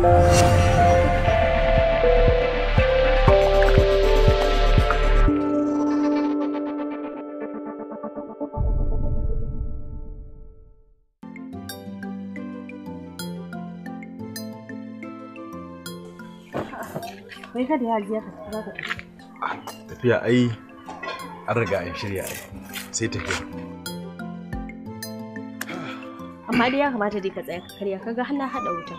Wai kada ya je ka za ka tafiya ai an riga an shirya ai sai tafiya. Amma dai ya kamata dai ka tsaya ka karya ka ga hana haɗa wuta.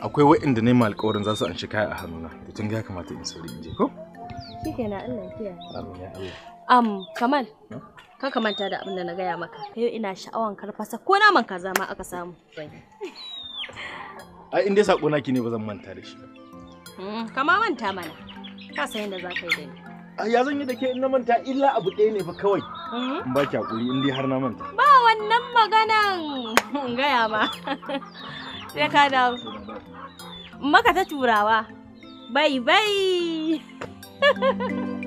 akwai waɗanda ne yi alƙawarin za su an kaya a hannuna da tun ya kamata in sauri in je ko shi ke na Allah kiyaye am kamal ka kamanta da abin da na gaya maka yau ina sha'awan karfasa ko naman kaza ma aka samu ai in dai sako naki ne ba zan manta da shi hmm, kama manta mana ka san yadda za ka yi da ni ah, ya zan yi da ke in na manta illa abu ɗaya ne fa kawai hmm? in ba ki hakuri in dai har na manta ba wannan maganan gaya ma sai ka dawo maka ta turawa bai bai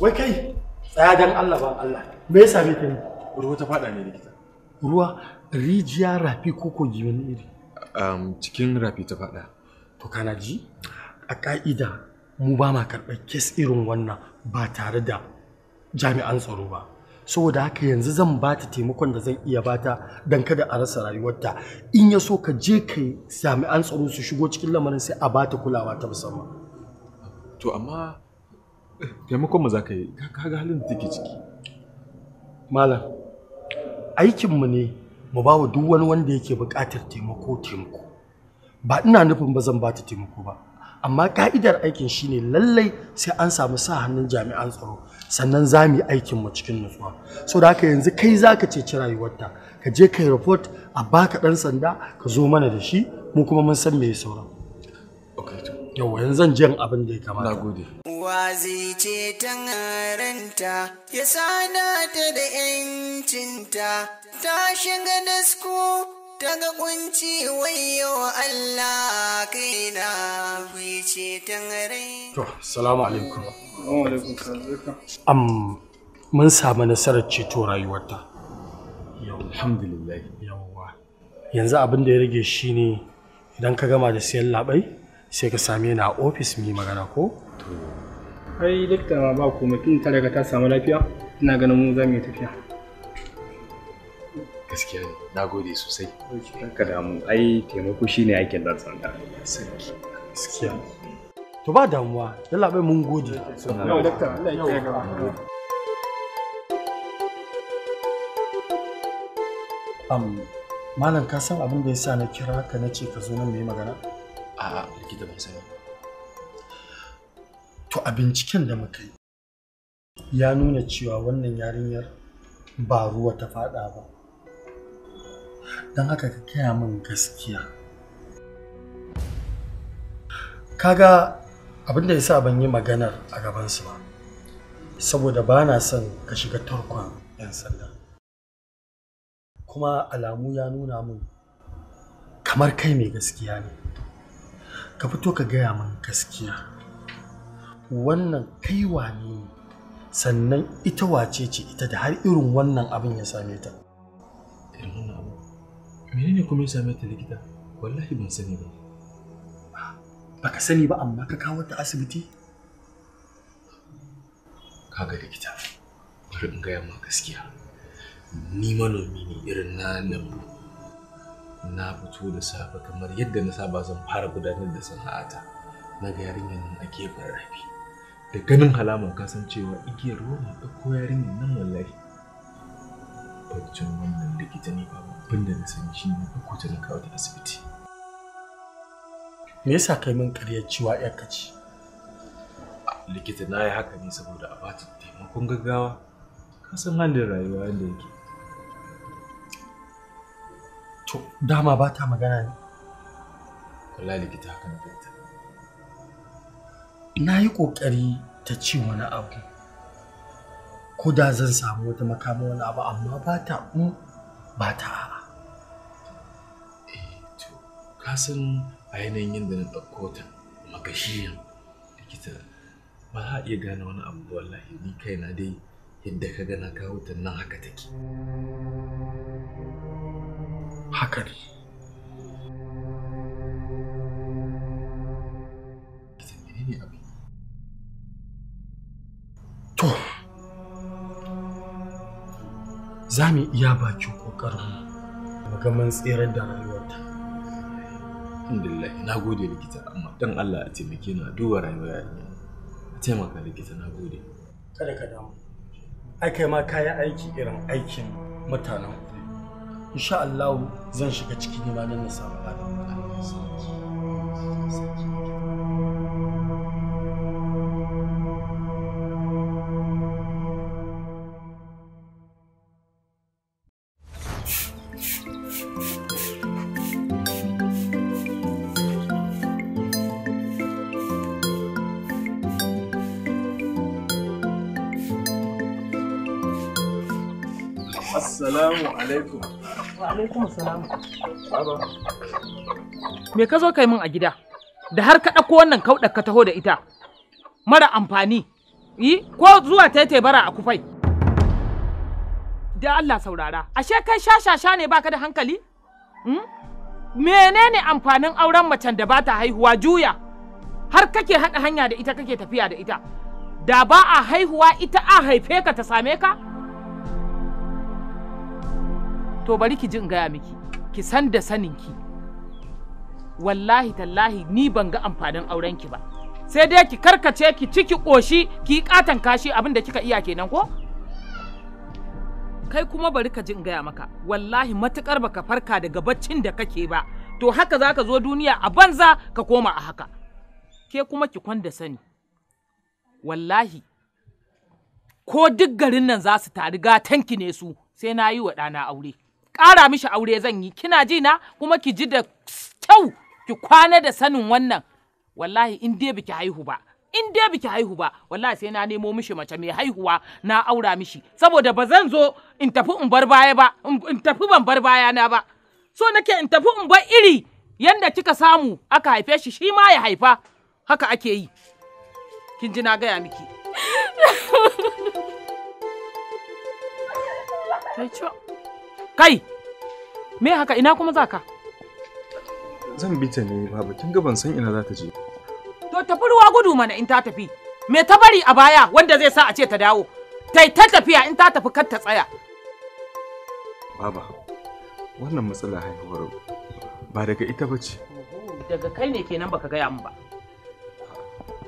Wai kai, tsaya dan Allah ban Allah. Me yasa me kai? Ruwa ta fada ne likita. Ruwa rijiya rafi ko kogi wani iri? Um, cikin rafi ta fada. To kana ji? A ka'ida mu ba ma karɓar kes irin wannan ba tare da jami'an tsaro ba. saboda haka yanzu zan ba ta taimakon da zan iya bata dan kada a rasa rayuwarta in ya so ka je ka jami'an tsaro su shigo cikin lamarin sai a bata kulawa ta musamman to amma taimakon mu za ka yi kaga halin da take ciki malam aikinmu ne mu ba wa duk wani wanda yake buƙatar taimako taimako ba ina nufin ba zan ba ta taimako ba amma ka'idar aikin shine lallai sai an samu sa hannun jami'an tsaro sannan za mu yi aikinmu cikin nutsuwa so da haka yanzu kai za ka ceci rayuwarta ka je kai report a baka ɗan sanda ka zo mana da shi mu kuma mun san me ya sauran okay, yau yanzu zan jin abin da ya kamata nagode wazi ce ngaranta ya sada ta da yancinta ta shiga dasko ta ga kunci wayewa Allah na gwice ce ta ngaranta. To, wa alaikum salam mun samu nasarar ceto rayuwarta alhamdulillah yawwa yanzu abin da ya rage shi ne idan ka gama da siyan labai sai ka same ni a ofis mu yi magana ko ai dakta ma ba ku mutum ta daga ta samu lafiya ina ganin mu za mu yi tafiya gaskiya ne na gode sosai ka damu ai taimako shi ne aikin da sanda sarki gaskiya to ba damuwa yalla bai mun gode yau dakta Allah ya kiyaye gaba malam ka san abin da ya sa na kira ka na ce ka zo nan mai magana? a likita ban sani to a binciken da muka yi ya nuna cewa wannan yarinyar ba ruwa ta fada ba Dan haka ka kaya min gaskiya kaga abinda ya sa ban yi maganar a gabansu ba saboda ba na son ka shiga tarkon 'yan sanda kuma alamu ya nuna min kamar kai mai gaskiya ne ka fito ka gaya min gaskiya wannan kai wane ne sannan ita wace ce ita da har irin wannan abin ya same ta irin wannan abu menene kuma ya same ta likita wallahi ban sani ba baka sani ba amma ka kawo ta asibiti kaga likita bari in gaya ma gaskiya ni manomi ne irin na lambu na fito da safe kamar yadda na saba zan fara gudanar da sana'ata na ga yarinyar nan a gefen rafi da ganin halaman cewa igiyar na ɗauko yarinyar nan wallahi baccin wannan likita ne ba abin da na sani shi ne ɗauko ta na kawo ta asibiti me yasa kai min ƙaryar cewa ka ce likita na yi haka ne saboda a ba ta taimakon gaggawa kasan halin rayuwa yadda yake dama ba ta magana ne wallahi likita haka na fahimta na yi ƙoƙari ta ce wani abu ko da zan samu wata makama wani abu amma ba ta mu mm, ba ta a'a eh, to ka san a yanayin yadda na ɗauko ta magashiyan likita ba za a iya gane wani abu wallahi ni kaina dai yadda ka gana kawo ta nan haka take haka ne to za mu iya bakin kokarin ga mun tserar da rayuwarta alhamdulillah na gode likita amma dan Allah a taimake ni a duba rayuwar yarinya a taimaka likita na gode kada ka damu ai kai ma kayi aiki irin aikin mutanen insha Allah zan shiga cikin imanin ma don na samu Me ka zo kai min a gida? Da har ka ɗauko wannan kauɗa ka taho da ita. Mara amfani. Yi ko zuwa ta bara a kufai. Da Allah saurara, ashe kai sha ne baka da hankali? Hmm? Menene amfanin auren macen da ba ta haihuwa juya? Har kake haɗa hanya da ita kake tafiya da ita. Da ba a haihuwa ita a haife ka ta same ka? to bari ki jin gaya miki ki san da saninki wallahi tallahi ni ban ga amfanin aurenki ba sai dai ki karkace ki ciki ƙoshi ki katan kashi abin da kika iya kenan ko kai kuma bari ka jin gaya maka wallahi matukar baka farka daga baccin da kake ba to haka zaka zo duniya a banza ka koma a haka ke kuma ki kwanda sani wallahi ko duk garin nan za su tari gatanki ne su sai na yi wa ɗana aure kara mishi aure zan yi kina ji na kuma ki ji da kyau ki kwana da sanin wannan wallahi in dai biki haihu ba in dai biki haihu ba wallahi sai na nemo mishi mace mai haihuwa na aura mishi saboda ba zan zo in tafi in bar baya ba in tafi ban bar baya na ba so nake in tafi in bar iri yanda kika samu aka haife shi shi ma ya haifa haka ake yi kin ji na gaya miki Kai! Me haka ina kuma za ka? Zan bi ta ne babu kin ga ban san ina za ta je. To tafi ruwa gudu mana in ta tafi. Me ta bari a baya wanda zai sa a ce ta dawo. Tai ta tafiya in ta tafi kar ta tsaya. Baba, wannan matsala haihuwar ba daga ita ba ce. Daga kai ne kenan baka gaya min ba.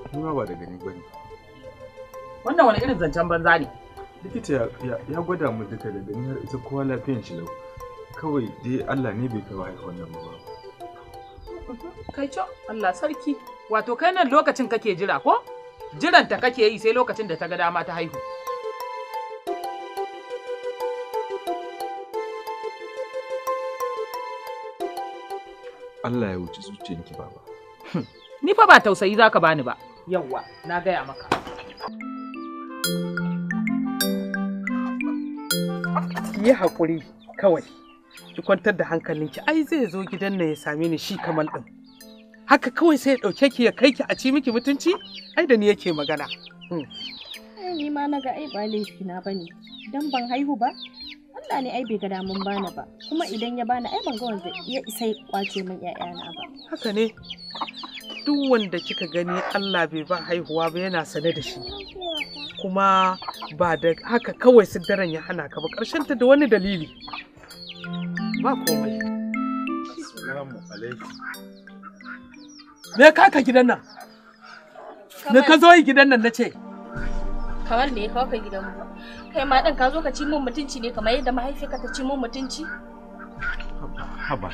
Kuma ba daga ni ba ne. Wannan wani irin zancen banza ne. likita ya gwada mu duka da gani ita kowa lafiyan shi lau kawai dai allah ne bai kawo haihuwar nan ba kai co allah sarki wato kai nan lokacin kake jira ko jiranta kake yi sai lokacin da ta ga dama ta haihu Allah ya wuce zuciyanki baba. Hmm. Ni fa ba tausayi za ka bani ba. Yawwa, na gaya maka. ki yi haƙuri kawai ki kwantar da hankalinki ai zai zo gidan nan ya same ni shi kamar ɗin haka kawai sai ya ɗauke ki ya kai ki a ci miki mutunci ai da ni yake magana hmm. ni ma naga ai ba laifi na bane dan ban haihu ba Allah ne ai bai ga damun bana ba kuma idan ya bana ai ban ga wanda ya isa ya kwace min ƴaƴana ba haka ne duk wanda kika gani Allah bai ba haihuwa ba yana sane da shi kuma ba da haka kawai su daren ya hana ka ba ƙarshen ta da wani dalili ba komai me ka ka gidan nan me ka zo yi gidan nan na ce kamar ne ka ka gidan mu kai ma dan ka zo ka ci mun mutunci ne kamar yadda mahaifiyarka ta ci mun mutunci haba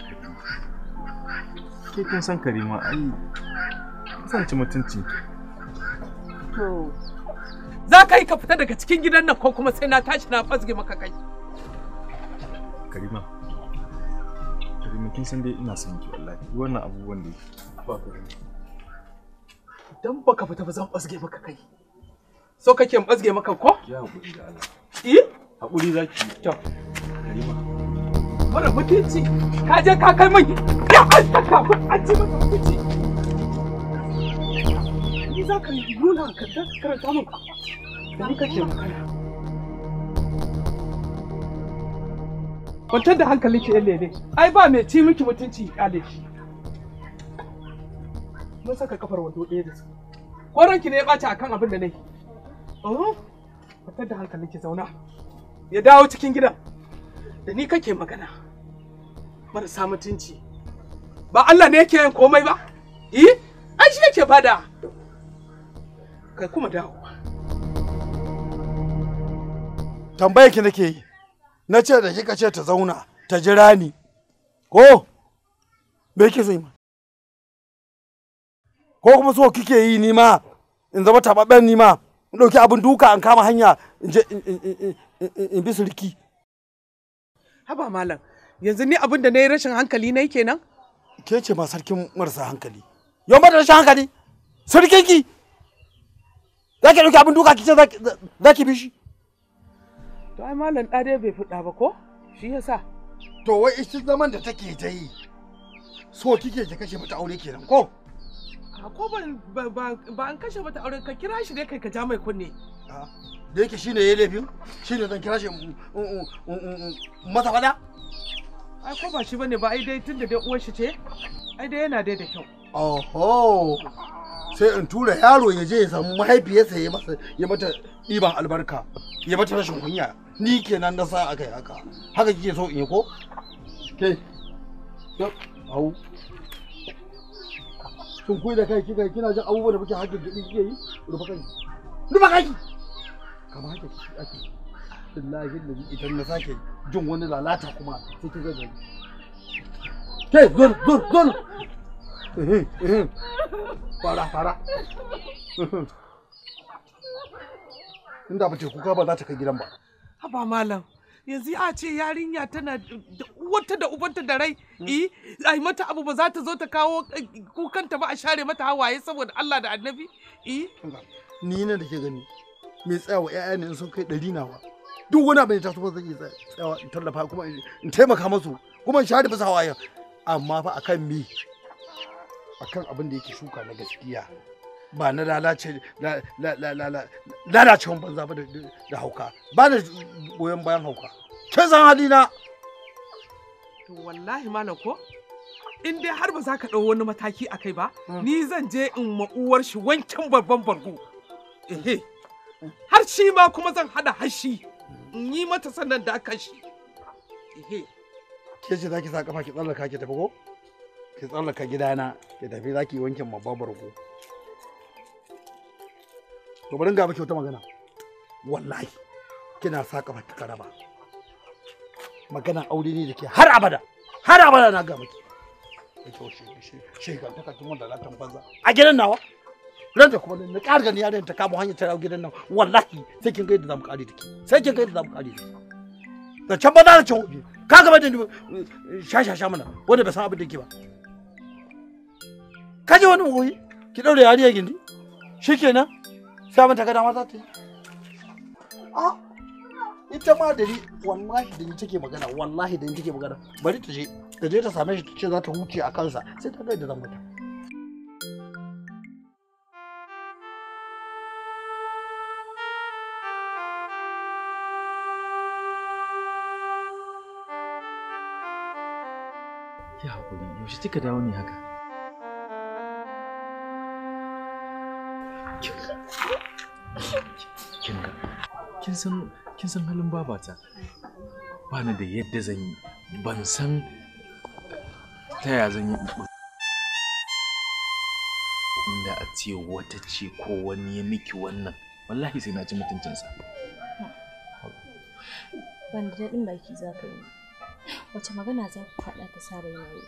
ke kin san karima ai san ci mutunci to za ka yi ka fita daga cikin gidan nan ko kuma sai na tashi na fasge maka kai karima karima kin san dai ina son ki wallahi wannan abubuwan da ba ka dan baka fita ba zan fasge maka kai so kake in fasge maka ko ya hakuri da Allah eh hakuri zaki to karima mara mutunci ka je ka kai min ya an taka an ka maka mutunci za ka yi nuna ka karanta min da ni kake magana kwantar da hankali ki yalle ne ai ba mai ci miki mutunci kyale shi mun saka kafar wado ɗaya da su koran ki ne ya ɓaci kan abin da nayi oh kwantar da hankali ki zauna ya dawo cikin gidan da ni kake magana marasa mutunci ba Allah ne yake yin komai ba eh ai shi yake bada kai kuma dawowa tambayar ki nake yi na ce da kika ce ta zauna ta jira ni ko me kike zai ma ko kuma so kike yi ni ma in zama tababben ni ma in ɗauki abin duka an kama hanya in je in bi surki haba malam yanzu ni abin da na yi rashin hankali na kenan ke ce ma sarkin marasa hankali yau ma da rashin hankali ki! za ki ɗauki abin duka ki ce za ki bi shi. To ai malam ɗa dai bai fuɗa ba ko? Shi yasa. To wai ishi zaman da take ta yi so kike ki kashe mata aure kenan ko? A ko ba an kashe mata aure ka kira shi dai kai ka ja mai kunne. Da yake shine ya laifin shine zan kira shi masa faɗa. Ai ko ba shi bane ba ai dai tunda dai uwar shi ce ai dai yana dai da kyau. Oho. sai in tura yaro ya je ya samu mahaifiyarsa ya masa ya mata ɗiban albarka ya mata rashin kunya ni kenan na sa aka yi haka haka kike so in yi ko ke au sun kuyi da kai kika kina jin abubuwan da kuke hakkin da kike yi rufa kai rufa kai kamar haka kike ake billahi da idan na sake jin wani lalata kuma sai kika ga ke zo zo zo para, uhm, uhm. para. Uhm. inda ba ce kuka ba za ta kai gidan ba haba malam yanzu a ce yarinya tana uwarta da ubanta da rai hmm. eh ai mata abu ba za ta zo ta kawo eh, kukanta ba a share mata hawaye saboda Allah da Annabi eh ni ne da ke gani me tsayawa ƴaƴa ne in sun kai ɗari nawa duk wani abin da ta so zai yi tsayawa in tallafa kuma in taimaka musu kuma in share musu hawaye amma fa akan me akan abin da yake shuka na gaskiya ba na lalace lalacewan banza ba da hauka ba da goyon bayan hauka ke san halina to wallahi malam ko in dai har ba za ka ɗau wani mataki a kai ba hmm. ni zan je in ma'uwar shi wancan babban bargo ehe har shi ma kuma zan hada hashi in yi mata sannan da aka shi ehe ke ce za ki sa kafa ki tsallaka ki tafi ko ki tsallaka gidana ki tafi za ki yi wankin ma babu rago to bari ga baki wata magana wallahi kina saka ba ta ba magana aure ne dake har abada har abada na ga miki shekar ta kakin da latan banza a gidan nawa ran da kuma na ƙar gani yarin ta kama hanyar rawo gidan nan wallahi sai kin ga yadda zamu kare take sai kin ga yadda zamu ƙare take da can ba za ta can hobi ka gaba da eh, shashasha mana wanda bai san abin da ke ba ji wani goyi ki daure yariya gindi shikenan sai mun ga dama za ta yi a ita ma da ni wallahi da ni take magana wallahi da ni take magana bari ta je ta je ta same shi ta ce za ta huce a kansa sai ta ga da zan mata Ya hakuri yaushe kika dawo ne haka? kin ga kin san kin san halin babata ba ni da yadda zan yi ban san ta ya zan yi inda a ce wata ce ko wani ya miki wannan wallahi sai na ci mutuncinsa ban da daɗin baki za ka yi wace magana za ka faɗa ta sare yayi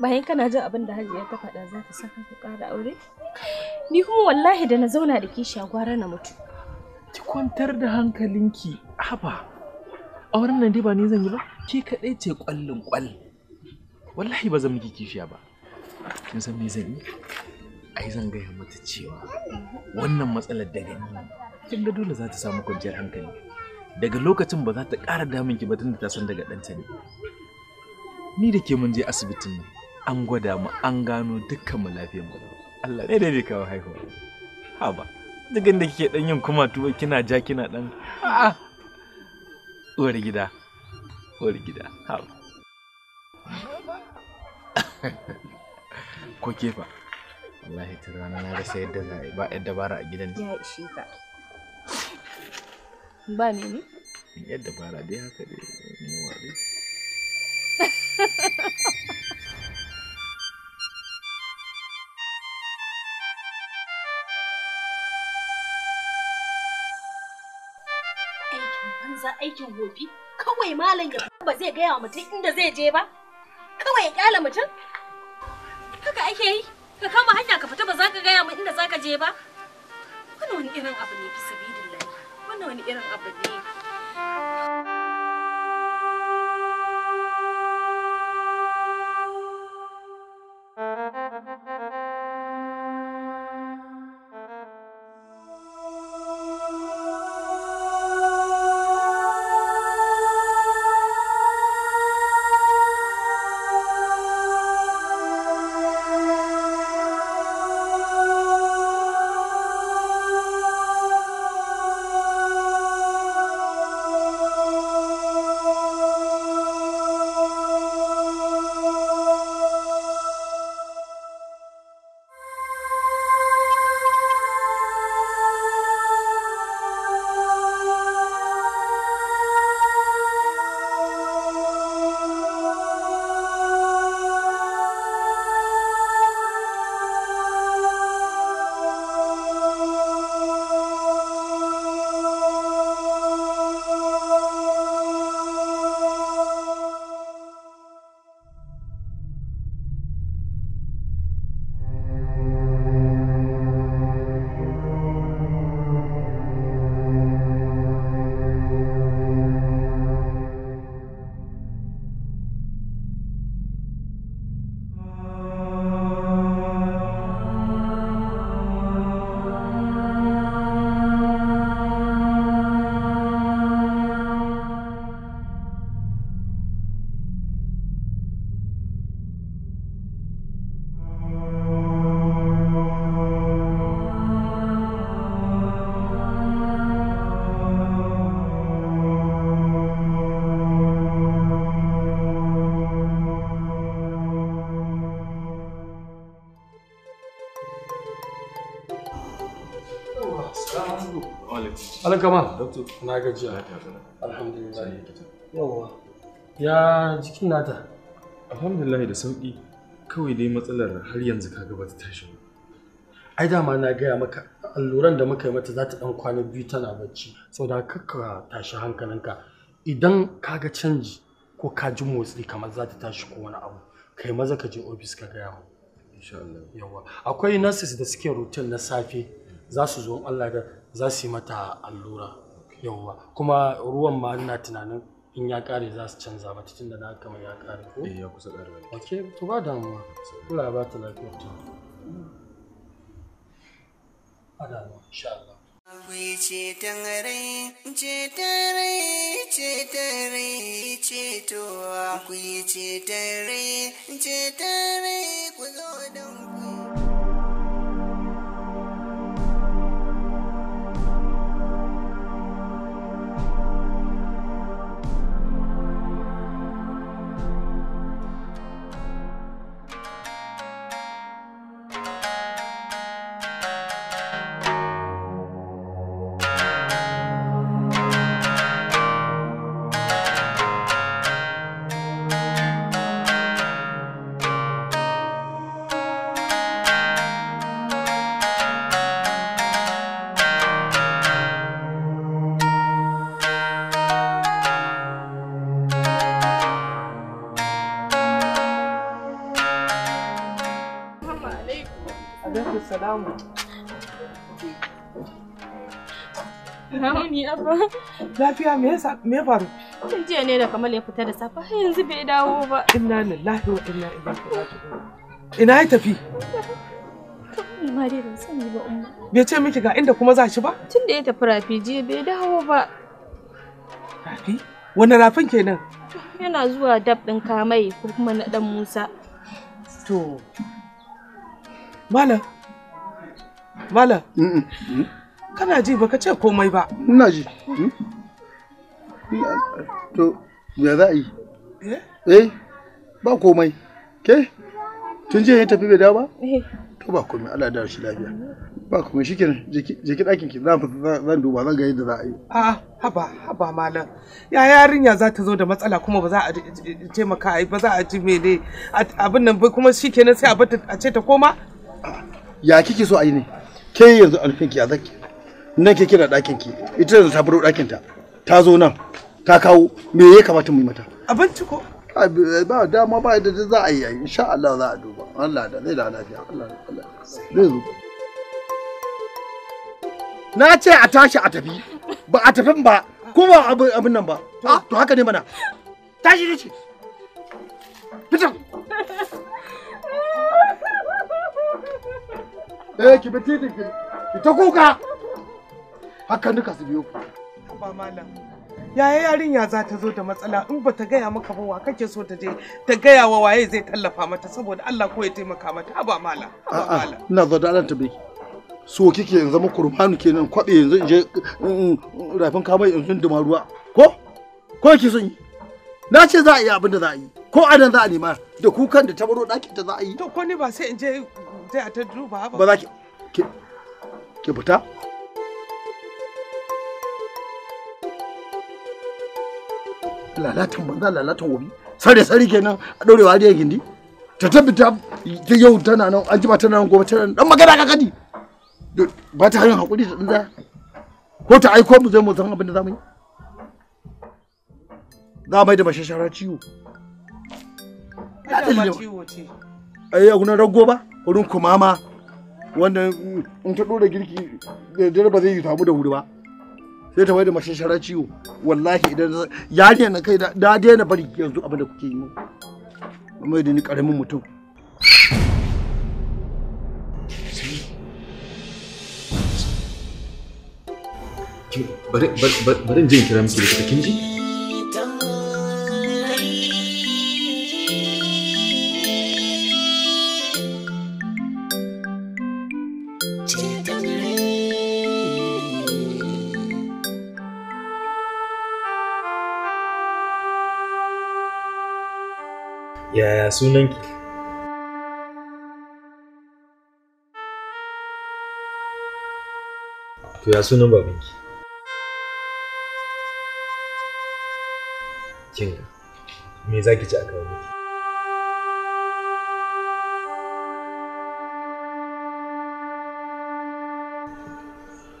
bayan kana jin abin da hajiya ta faɗa za ka saka ka ƙara aure Ni kuma wallahi da na zauna da a gwara na mutu. Ki kwantar da hankalinki, haba. Auren nan dai ba ni zan yi ba, ke kaɗai ce ƙwallon ƙwal. Wallahi ba zan miki kishiya ba. Kin san me zan yi? Ai zan gaya mata cewa wannan matsalar da gani Kin ga dole za ta samu kwanciyar hankali. Daga lokacin ba za ta ƙara damun ki ba tunda ta san daga ɗanta ne. Ni da ke mun je asibitin nan, an gwada mu an gano dukkan mu lafiyar mu. Allah ne dai kawo haihuwa ha ba duk inda kike dan yin kuma tuwa kina ja kina dan a'a uwar gida uwar gida ha ba ko kefa wallahi ta rana na rasa yadda za a yi ba yadda bara a gidan ya ishe ka ba ne ne yadda bara dai haka dai ne wa dai aikin hofi kawai malam ya ba zai gaya wa mutum inda zai je ba kawai ya kyala mutum haka ake yi ka kama hanya ka fita ba za ka gaya min inda za ka je ba wani wani irin abu ne fi sabi wani wani irin abu ne kama? Na gajiya. Alhamdulillah. Ya jikin nata? Alhamdulillah da sauki. Kawai dai matsalar har yanzu ka ba ta tashi ba. Ai dama na gaya maka alluran da muka yi mata za ta dan kwana biyu tana bacci. Saboda kakka tashi hankalinka. Idan kaga canji ko ka ji motsi kamar za ta tashi ko wani abu kai maza ka je ofis ka gaya mu. Insha Allah. yawa Akwai nurses da suke rutin na safe za su zo Allah da za su yi mata allura yawwa kuma ruwan ma ina tunanin in ya kare za su canza ba tun da na kama ya kare ko eh, ya kusa ba ke to ba damuwa Allah ba ta lafiya to ana insha Allah Akwai ceton ce ceton ce ceton ce ceto. Akwai ce rai, ce rai, ku zo don ku. samu Rauni abba. Lafiya me yasa me faru? Tun jiya ne da Kamal ya fita da safa, yanzu bai dawo ba. Inna lillahi wa inna ilaihi raji'un. Ina ya tafi? Ni ma dai ban sani ba umma. Bai ce miki ga inda kuma za shi ba? Tun da ya tafi rafi jiya bai dawo ba. Rafi? Wani rafin kenan? Yana zuwa dab ɗin kamai ko kuma na ɗan Musa. To, Malam, Malam. Kana ji baka ce komai ba. Ina ji. Hmm? To, me za a yi? Eh? eh? Ba komai. Ke? Tun jiya ya tafi bai dawo ba? Eh. To ba komai, Allah da shi lafiya. Ba komai shikenan, jiki ɗakin ki zan zan duba zan ga yadda za a yi. A haba, haba malam. Ya yarinya za ta zo da matsala kuma ba za a eh, taimaka ai ba za a ji mene abin nan ba kuma shikenan sai a bata a ce ta koma? Ya kike so a yi ne? ke yanzu a ki a zaki nan ke kira ɗakin ki ita yanzu ta buro ɗakin ta ta zo nan ta kawo me ya kamata mu yi mata abinci ko ba dama ba da za a yi insha Allah za a duba Allah da zai da lafiya Allah Allah zai zo na ce a tashi a tafi ba a tafin ba ko ba abin nan ba to haka ne mana tashi ne ce fitan Ɗaya eh, ki bi ki, ki ta kuka haka nuka su biyo ku ba malam yaya yarinya za ta zo da matsala in ba ta gaya maka ba wa kake so ta je ta gaya wa waye zai tallafa mata saboda Allah ko ya taimaka mata ba mala a'a ina zo da Allah ta bi so kike yanzu zama kurmanu kenan kwabe yanzu in je rafin kamar yanzu duma ruwa ko ko kike son yi na ce za a yi abin da za a yi ko adan za a nema da kukan da ta baro ɗakin ta za a yi to ko ni ba sai in je taya ta duba ba za ki ki fita lalatan banza lalatan gobe sare sare kenan a dorewa har gindi ta tabbata ta yau tana nan an jima tana nan gobe tana nan dan magana ka kadi ba ta yin hakuri da ko ta aiko mu zai mu san abin da zamu yi za mai da bashashara ciwo ciwo ce ai a gunan rago ba wurin kumama wanda mm, in ta dora girki da dare ba zai yi tamu da wuri ba sai ta mai da mashashara ciwo wallahi idan yariya na kai da daina bari yanzu abin da kuke yi mu mai da ni karamin mutum bari bari bari jin kira miki da Kinji. Yaya sunanki? To ya sunan babanki? Kinga, me za ki ci a kawo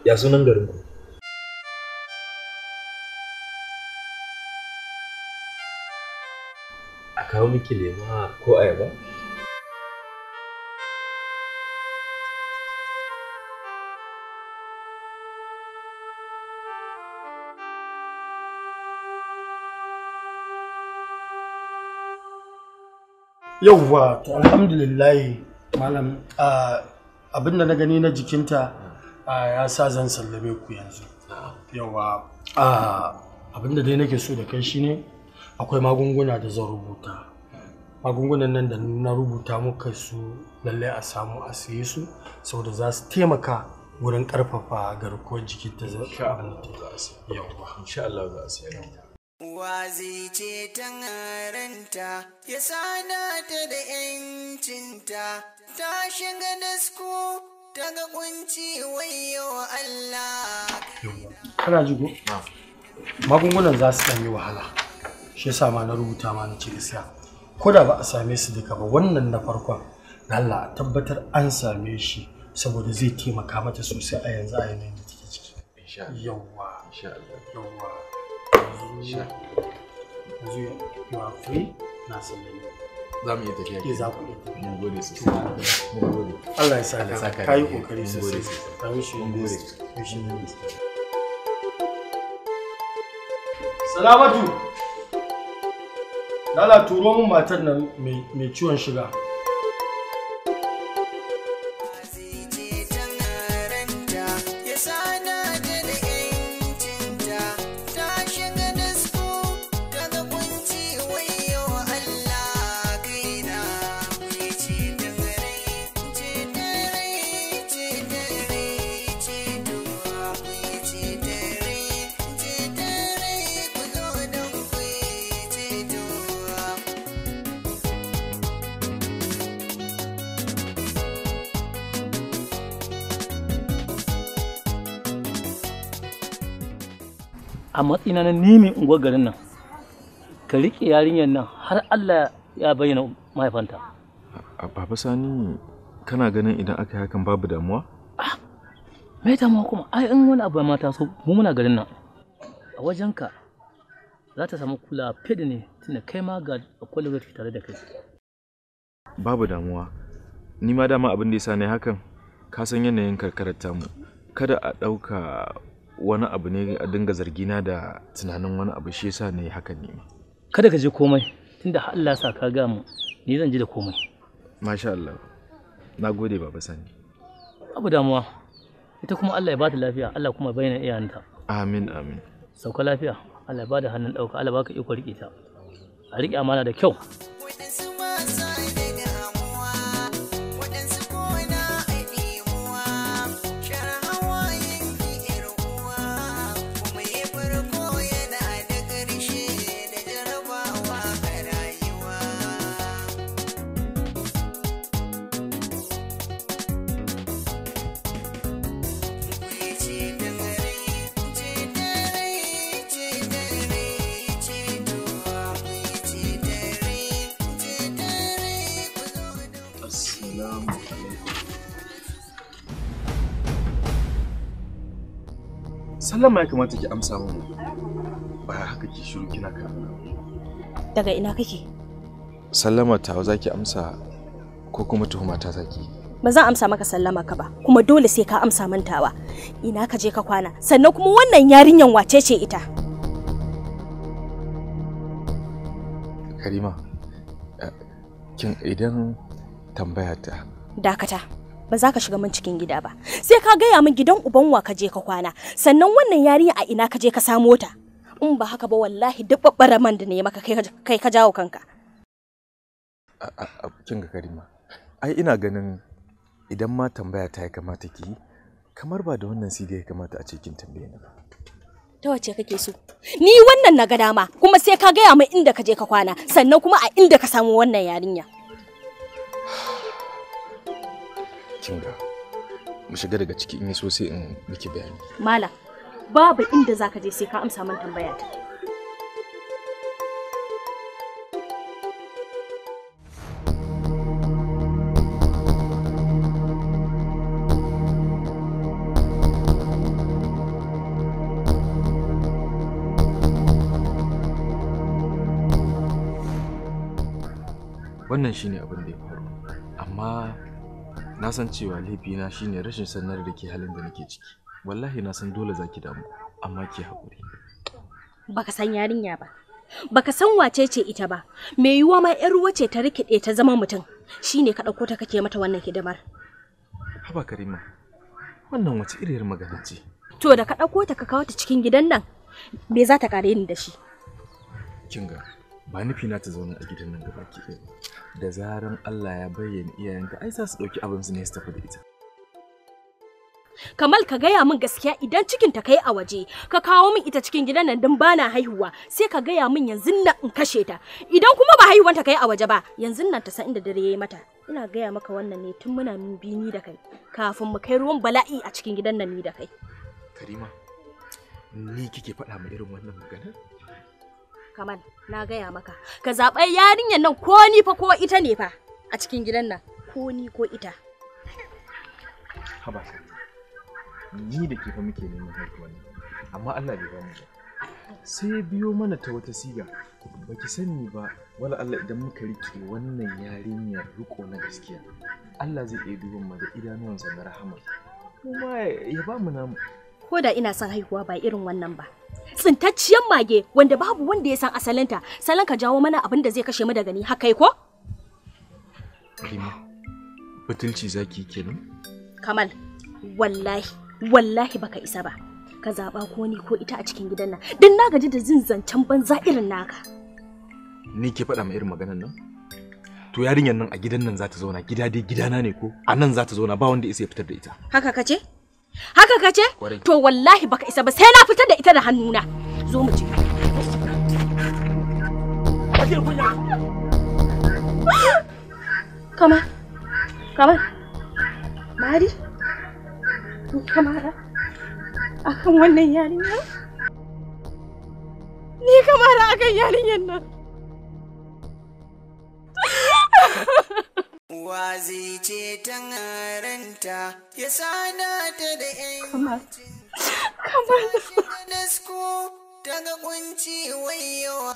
Ya sunan garin ku? kawo miki lema ko ayaba? yauwa to alhamdulillahi malam abin da na gani na jikinta ya sa zan sallame ku yanzu yauwa abin da dai nake so da kai shine akwai magunguna da zan rubuta magungunan nan da na rubuta muka su lallai a samu a siye su saboda za su taimaka wurin karfafa garkuwar jiki ta zama Wazi ce tangaranta ya sada ta da ‘yancinta, ta shiga dasko ta ga kunci wayo Allah. Kana jigo? Magungunan za su yi wahala, shi yasa ma na rubuta ma na ce gaskiya. ko da ba a same su duka ba wannan na farkon da Allah a tabbatar an same shi saboda zai taimaka mata sosai a yanzu a yanayin da take ciki yawwa yawwa yanzu you are free na sallame za mu iya tafiya ke eh, za ku iya tafiya mun gode sosai mun gode Allah ya saka ka yi kokari sosai ka yi you best wish mun gode Salamatu Lala turo min matar nan mai ciwon shiga. a matsina na nimi unguwar garin nan ka riƙe yarinyar nan har Allah ya bayyana mahaifanta a baba sani kana ganin idan aka yi hakan babu damuwa ah, me damuwa kuma ai in wani abu ma taso mu muna garin nan a wajenka za ta samu kula fiye ne tunda kai ma ga akwai lokaci tare da kai babu damuwa ni ma dama abin da ya sa ne hakan ka san yanayin karkarar tamu kada a ɗauka wani abu ne a dinga zargina da tunanin wani abu shi yasa ne hakan ne kada ka je komai tunda Allah sa ka ga mu ni zan ji da komai masha Allah na gode baba sani abu damuwa ita kuma Allah ya bata lafiya Allah kuma bayyana iyayenta amin amin sauka lafiya Allah ya bada hannun dauka Allah baka iko rike ta a rike amana da kyau sallama ya kamata ki amsa mu ba haka ki shiru kina karatu daga ina kake sallama ta za ki amsa ko kuma tuhuma ta zaki ba zan amsa maka sallama ka ba kuma dole sai ka amsa mantawa ina ka je ka kwana sannan kuma wannan yarinyan wace ce ita karima eh, kin idan tambaya ta dakata ba za ka shiga min cikin gida ba sai ka gaya min gidan uban wa ka je ka kwana sannan wannan yarinya a ina ka je ka samo ta in ba haka ba wallahi duk babbar man da ne maka kai ka jawo kanka cikin ga karima ai ina ganin idan ma tambaya ta ya kamata ki kamar ba da wannan siga ya kamata a cikin tambaya. ni ba ta wace kake so ni wannan na ga dama kuma sai ka gaya min inda ka je ka kwana sannan kuma a inda ka samu wannan yarinya kin ga mu shiga daga ciki in so sai in miki bayani mala babu inda zaka je sai ka amsa min tambaya ta wannan shine abin da ya faru amma na san cewa laifina shine rashin sanar da ke halin da nake ciki wallahi na san dole zaki damu amma ki haƙuri baka san yarinya ba baka san wace ce ita ba me yiwuwa ma yar ruwa ce ta rikide ta zama mutum shine ka dauko ta kake mata wannan hidimar haba karima wannan wace iriyar magana ce to da ka ɗauko ta ka kawo ta cikin gidan nan me za ta kare ni da shi kinga ba nufi na ta zauna a gidan nan gaba ke ɗaya da zaran Allah ya bayyana iyayenka ai za su ɗauki abin su ne su tafi da ita Kamal ka gaya min gaskiya idan cikin ta kai a waje ka kawo min ita cikin gidan nan din bana haihuwa sai ka gaya min yanzu nan in kashe ta idan kuma ba haihuwan ta kai a waje ba yanzu nan ta san inda dare yayi mata ina gaya maka wannan ne tun muna min bini da kai kafin mu kai ruwan bala'i a cikin gidan nan ni da kai Karima ni kike faɗa ma irin wannan magana Kamal, na gaya maka, ka zaɓa yarinyar nan ko ni fa ko ita ne fa a cikin gidan nan, ko ni ko ita. Haba ni da ke fa muke neman haihuwa ne, amma Allah bai ba mu ba. Sai biyo mana ta wata siga, baki sani ba, wala Allah idan muka rike wannan yarinyar riko na gaskiya, Allah zai iya duban mu da idanuwansa na rahama. Kuma ya ba mu namu. Ko da ina son haihuwa ba irin wannan ba. tsintacciyar mage wanda babu wanda ya san asalinta salon ka jawo mana abin da zai kashe mu da ni haka ko? Rima, butulci zaki kenan? Kamal, wallahi, wallahi baka isa ba. Ka zaɓa ko ni ko ita a cikin gidan nan, don na gaji da zin zancen banza irin naka. Ni ke faɗa ma irin maganar nan? To yarinyar nan a gidan nan za ta zauna, gida dai gidana ne ko? A nan za ta zauna ba wanda isa ya fitar da ita. Haka ka ce? haka ka ce to wallahi baka isa ba sai na fitar da ita da hannuna zo mu ci kama kama mari kamara akan wannan yarinya ni kamara akan yarinyar nan Wa zai ce ranta ya sada ta da ‘yancin daga ta kunci wayewa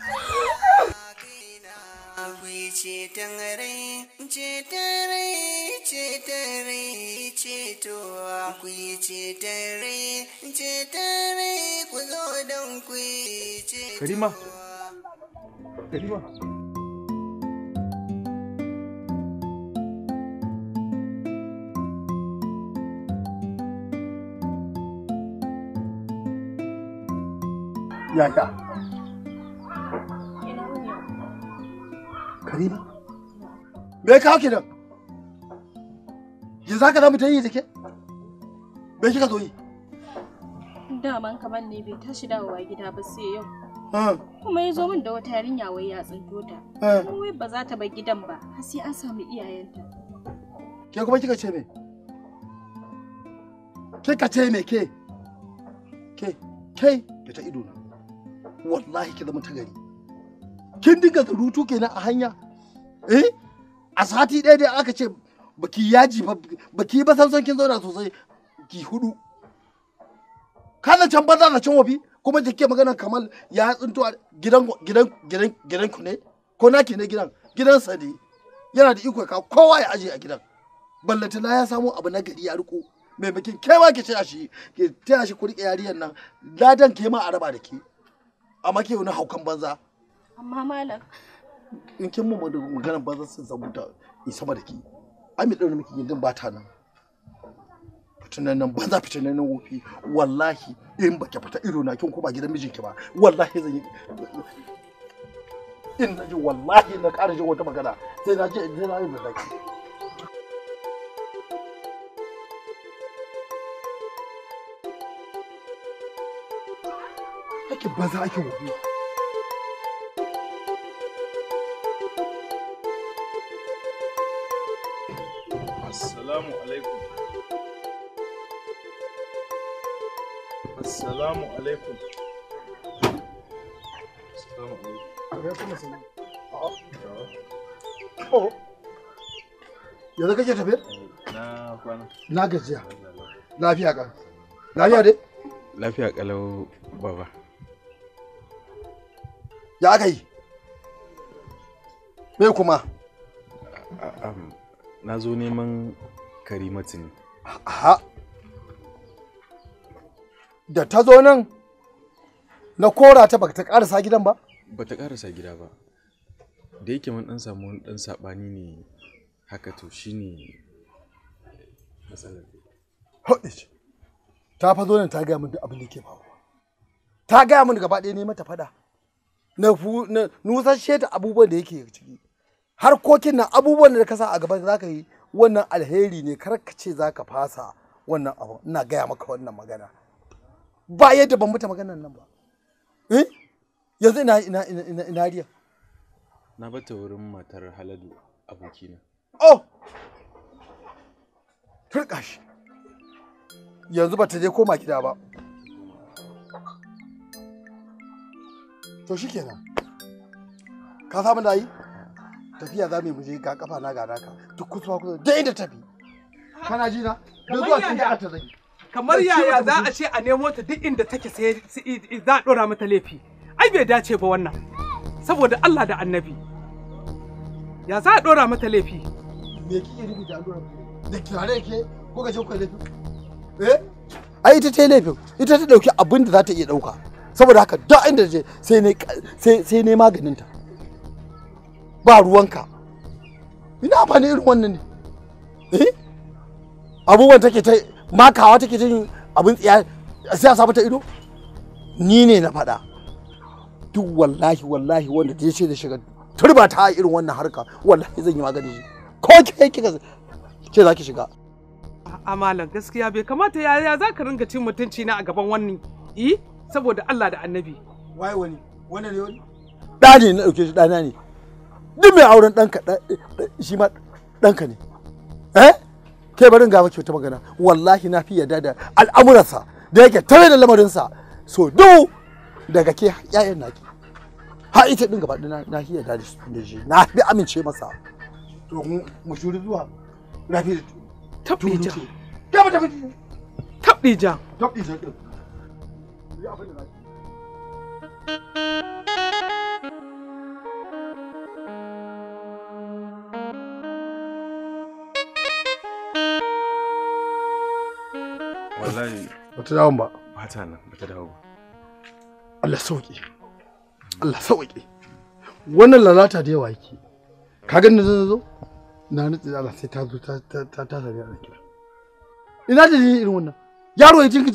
Akwai ce rai, ce rai, ce rai, ce to ce rai, ce ku zo don ku ce Karima, Karima. ya ta karima me ka hake nan yanzu haka za mu ta yi take me kika zo yi daman kamar ne bai tashi dawowa gida ba sai yau kuma ya zo min da wata yarinya wai ya tsinto ta wai ba za ta bar gidan ba har sai an samu iyayenta ke kuma kika ce me kika ce me ke ke kai da ta ido na wallahi ki zama ta gari kin dinga rutu kenan a hanya eh a sati ɗaya dai aka ce baki yaji baki ba san kin zauna sosai ki hudu kana can banza na can wafi kuma jike maganar magana kamal ya tsinto a gidan gidan gidan gidan ku ne ko naki ne gidan gidan sa ne yana da iko ka kowa ya aje a gidan ballatana ya samu abu na gari ya riko maimakin kewa ki ce a shi ki taya shi ku rike yariyan nan ladan ke ma a raba da ke amma ke wani haukan banza amma malam in kin mun da maganar banza sun zabuta in sama da ki ami ɗaure miki gindin ba ta nan fitinan nan banza fitinan nan wofi wallahi in baki fita ido na kin ko ba gidan mijinki ba wallahi zan yi in na ji wallahi na ƙara jin wata magana sai na je in je na yi da aikin banza aikin wani assalamu alaikum assalamu alaikum assalamu alaikum ya zaka kake tafiyar na kwana na gajiya lafiya ka lafiya dai lafiya kalau baba ya aka yi me kuma na zo neman karimatu ne aha da ta zo nan na kora ta baka ta karasa gidan ba ba ta karasa gida ba da yake mun dan samu wani dan sabani ne haka to shine matsalar ta fa zo nan ta gaya min duk abin da yake faruwa ta gaya min gaba ɗaya ne mata faɗa na nusashe ta abubuwan da yake ciki harkokin nan abubuwan da ka sa a gaba za ka yi wannan alheri ne kar ka ce za ka fasa wannan abu ina gaya maka wannan magana ba yadda ban mutu maganar nan ba eh? yanzu ina ina ina ina riya na bata wurin matar haladu abokina oh turka shi yanzu ba ta je koma gida ba to shikenan ka samu da yi tafiya za mu muje ga kafa na ga naka duk kusa kusa dai inda tafi kana ji na da zuwa cikin jihar ta zai kamar yaya za a ce a nemo ta duk inda take sai za a dora mata laifi ai bai dace ba wannan saboda Allah da annabi ya za a dora mata laifi me kike nufi da dora da kirare ke ko ga shi ku laifi eh ai ita ta laifin ita ta dauki abin da za ta iya dauka saboda haka duk inda je sai ne sai ne maganin ta ba ruwanka ina ne irin wannan ne eh abubuwan take ta makawa take ta yin abin tsiya sai a samu ta ido ni ne na faɗa duk wallahi wallahi wanda ta ce da shiga turba ta irin wannan harka wallahi zan yi magani shi ko ke kika ce za ki shiga a malam gaskiya bai kamata ya za ka ringa cin mutunci na a gaban wannan eh saboda Allah da annabi waye wani wani ne wani da ne na dauke shi dana ne duk mai auren danka shi ma danka ne eh ke barin ga maki wata magana wallahi na fi yarda da al'amuransa da yake tare da lamarinsa so duk daga ke yayan naki ha ita din gaba na fi yarda da shi na fi amince masa to mu shuri zuwa fi da tabbija. Tabbija. Tabbija. ja ja wallahi bata dawo ba bata nan bata dawo ba Allah sauki Allah sauki wannan lalata da yawa yake ka ga na zo na nutsi Allah sai ta zo ta ta ta sami a kira ina irin wannan yaro ya jinka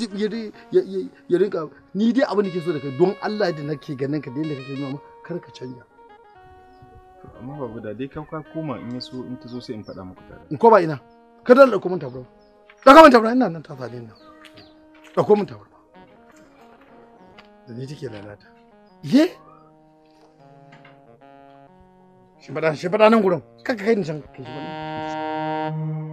ya rinka ni dai abin da ke so da kai don Allah da nake ganin ka da yadda kake nuna kar ka canja amma babu da dai kan ka koma in yaso in ta zo sai in faɗa muku tare in koma ina ka da kuma mun tabura da ka mun ina nan ta fadin nan da ko mun tabura da ni take lalata ye shi bada shi bada nan gurin kaka kai ni can kai shi faɗa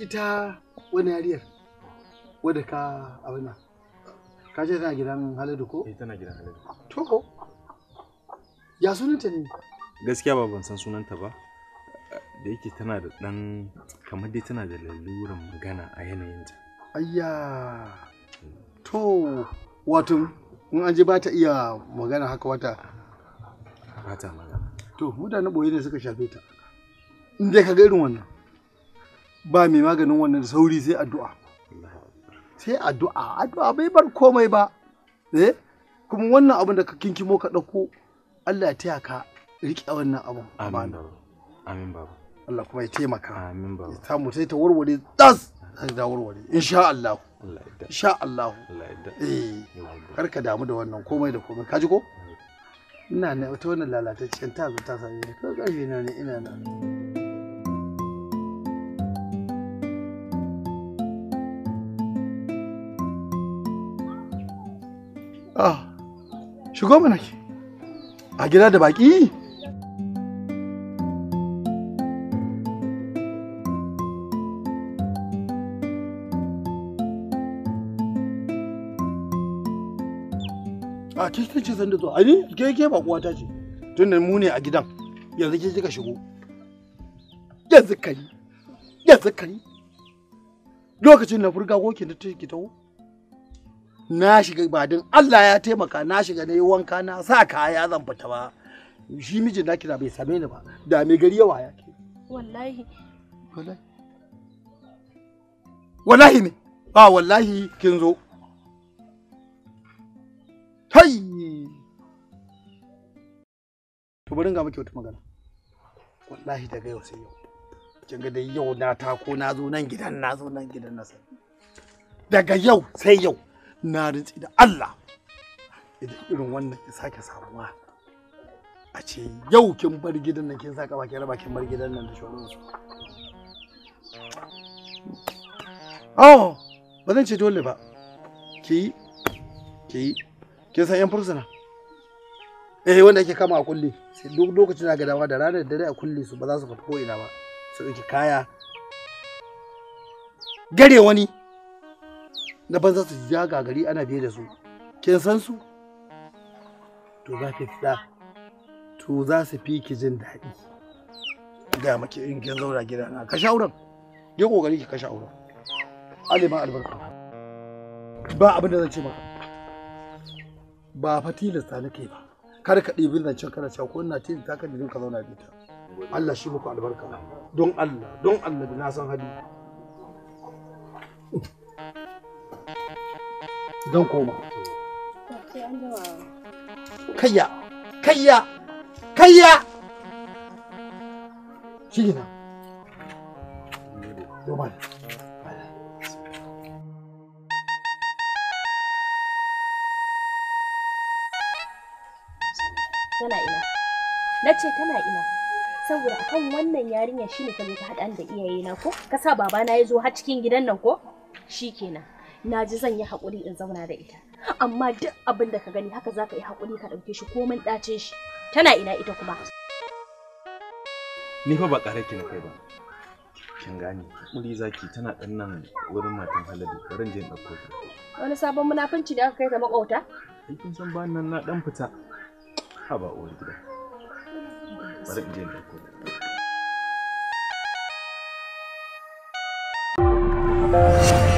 ita wani yariyar wadda ka abin nan ka ce tana gidan haladu ko? ita eh, tana gidan haladu to ko ya sunanta ne gaskiya ba ban san sunanta ba da yake tana da dan kamar dai tana da laluran magana a yanayinta ayya to wato in an ji ba ta iya magana haka wata ba ta magana to mutane ɓoye ne suka shafe ta in dai ka ga irin wannan ba mai maganin wannan sauri sai addu'a sai addu'a addu'a bai bar komai ba eh kuma wannan abin da ka kinkimo ka ɗauko Allah ya taya ka riƙe wannan abin amin baba amin baba Allah kuma ya taimaka amin baba ya samu sai ta warware tas da warware insha Allah insha Allah Allah ya eh karka damu da wannan komai da komai kaji ko ina na wata wannan lalataccen ta zo ta same ni to ƙarfi na ne ina na ah shigo mana ke a gida da baki a ce ce san da zuwa ani ke ke ba kuwa ta ce tunda mu ne a gidan yanzu ke kika shigo yanzu kai yanzu kai lokacin na furga goke da take tawo. na shiga ba din Allah ya taimaka na shiga na yi wanka na sa kaya zan fita ba shi mijin na kira bai same ni ba da me gari yawa ya ke wallahi wallahi wallahi ne ba wallahi kin zo tai to bari ga miki wata magana wallahi daga yau sai yau kin ga dai yau na tako na zo nan gidan na zo nan gidan na sai daga yau sai yau na rintsi da Allah idan irin wannan ya sake samuwa a ce yau kin bar gidan nan kin saka baki raba kin bar gidan nan da shoron su oh ba zan ce dole ba ki ki kin san yan fursuna eh wanda ake kama a kulle sai duk lokacin da ga da ranar dare a kulle su ba za su fita ko ina ba su ɗauki kaya gare wani na banza su ja gari ana biye da su kin san su to za ki fita to za su fi ki jin daɗi ga maki in kin zauna gida na sha auren ya kokari ki kashe auren alima albarka ba abin da zan ce maka ba fa tilasta nake ba kar ka ɗibi zancen kana cewa ko ina tilasta ka domin ka zauna da ita Allah shi muku albarka don Allah don Allah da na san hali don koma kayya kayya kayya shi gina Yo, tana ina na ce tana ina saboda akan wannan yarinya shine ka zo ka haɗa da iyaye na ko ka sa babana ya zo har cikin gidan nan ko shikenan na ji zan yi haƙuri in zauna da ita amma duk abin da ka gani haka za ka yi haƙuri ka ɗauke shi ko mun ɗace shi tana ina ita kuma ni fa ba ƙara ki na kai ba kin gane haƙuri zaki tana ɗan nan wurin matan halabi bari je in ɗauko ta wani sabon munafunci da aka kai ta maƙwabta kin san ba nan na ɗan fita haba uwar gida bari in je Thank you.